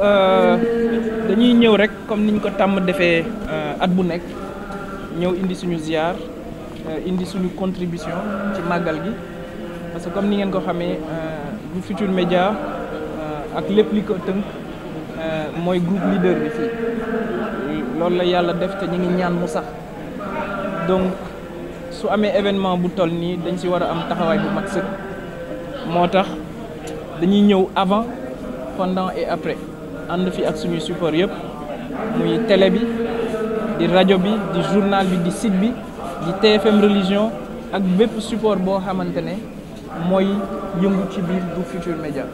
Euh, dañuy ñëw rek comme niñ ko tàmm defee euh, at bu nekk ñëw indi suñu ziar euh, indi suñu contribution ci màggal gi parce que comme ni ngeen ko xamee groupe Futurs média ak lépp li ko tënk mooy groupe leader bi fii loolu la yàlla def te ñu ngi ñaan mu sax donc su amee événement bu toll nii dañ si war a am taxawaay bu mat sëkk moo tax dañuy ñëw avant pendant et après ànd fi ak suñuy support yëpp muy télé bi di rajo bi di journal bi di site bi di TFM religion ak bépp support boo xamante ne mooy yëngu ci biir du Futurs Médias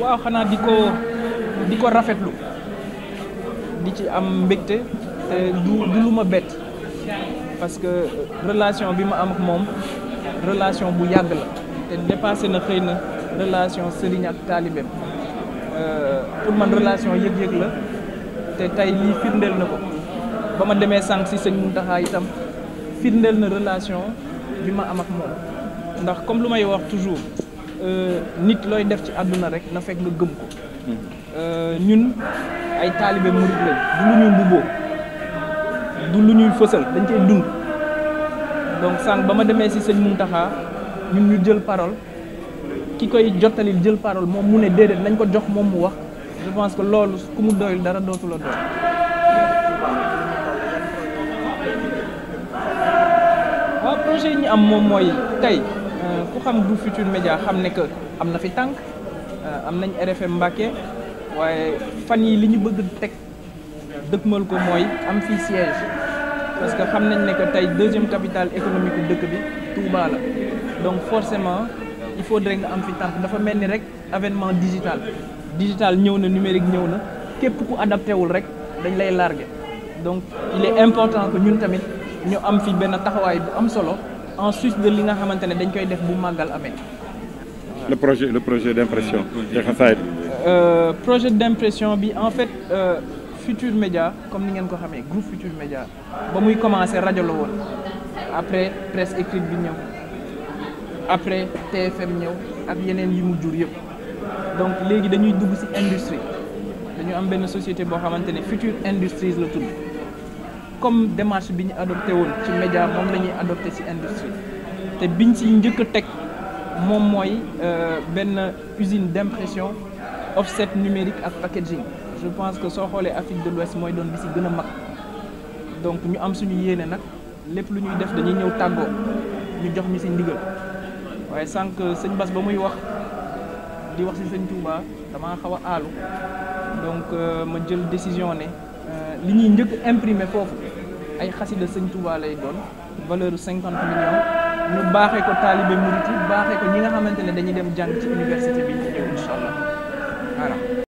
waaw xanaa di ko di ko rafetlu di ci am mbégte te du du lu ma bett parce que relation bi ma am ak moom relation bu yàgg la te dépassé na xëy na relation sëriñ ak taalibeem euh, pour man relation yëg-yëg la te tey lii firndeel na ko ba ma demee sànq si sëñ Mountakha itam firndeel na relation bi ma am ak moom ndax comme lu may wax toujours euh, nit looy def ci àdduna rek na fekk nga gëm ko euh, ñun ay taalibe murid lañ du lu ñuy mbubboo du lu ñuy fësal dañ cay dund donc sànq ba ma demee si sëñ Mountakha ñun ñu jël parole ki koy jottalil jël parole moom mu ne déedéet nañ ko jox moom mu wax je pense que loolu ku mu doyul dara dootu la doy. waaw projet yi ñu am moom mooy tey euh, ku xam Groupe Futurs Médias xam ne que am na fi tànk euh, am nañ RFM Mbacké waaye fan yi li ñu bëgg teg mal ko mooy am fi siège parce que xam nañ ne que tey deuxième capitale économique bu dëkk bi Touba la. donc forcément il faut faudrait nga am fi tànk dafa mel ni rek avènement digital digital ñëw na numérique ñëw na képp ku adapté wul rek dañ lay largué donc il est important que ñun tamit ñu am fi benn taxawaay bu am solo en sus de li nga xamante ne dañ koy def bu màggal amee. le projet le projet d'impression. Euh, projet d'impression bi en fait euh, Futur Média comme ni ngeen ko xamee groupe Futur Média ba muy commencer rajo la woon après presse écrite bi ñëw. après TFM ñëw ak yeneen yi mu jur yëpp donc léegi dañuy dugg ci industrie dañu am benn société boo xamante ne Future Industries la tudd comme démarche bi ñu adopté woon ci média moom la ñuy adopté ci industrie te biñ ci njëkk a teg moom mooy euh, benn usine d'impression offset numérique ak packaging je pense que soo xoolee Afrique de l'Ouest mooy doon bi ci gën a mag donc ñu am suñu yéene nag lépp lu ñuy def dañuy ñëw tàggoo ñu jox mi ci ndigal waaye sànq sëñ bas ba muy wax di wax si sëñ Touba damaa xaw a aalu donc euh, ma jël décision ne euh, li ñuy njëkk imprimé foofu ay xasida sëñ Touba lay doon valeur cinquante millions ñu baaxee ko taalibe murit yi baaxee ko ñi nga xamante ne dañuy dem jàng ci université bi ñu ñëw incha allah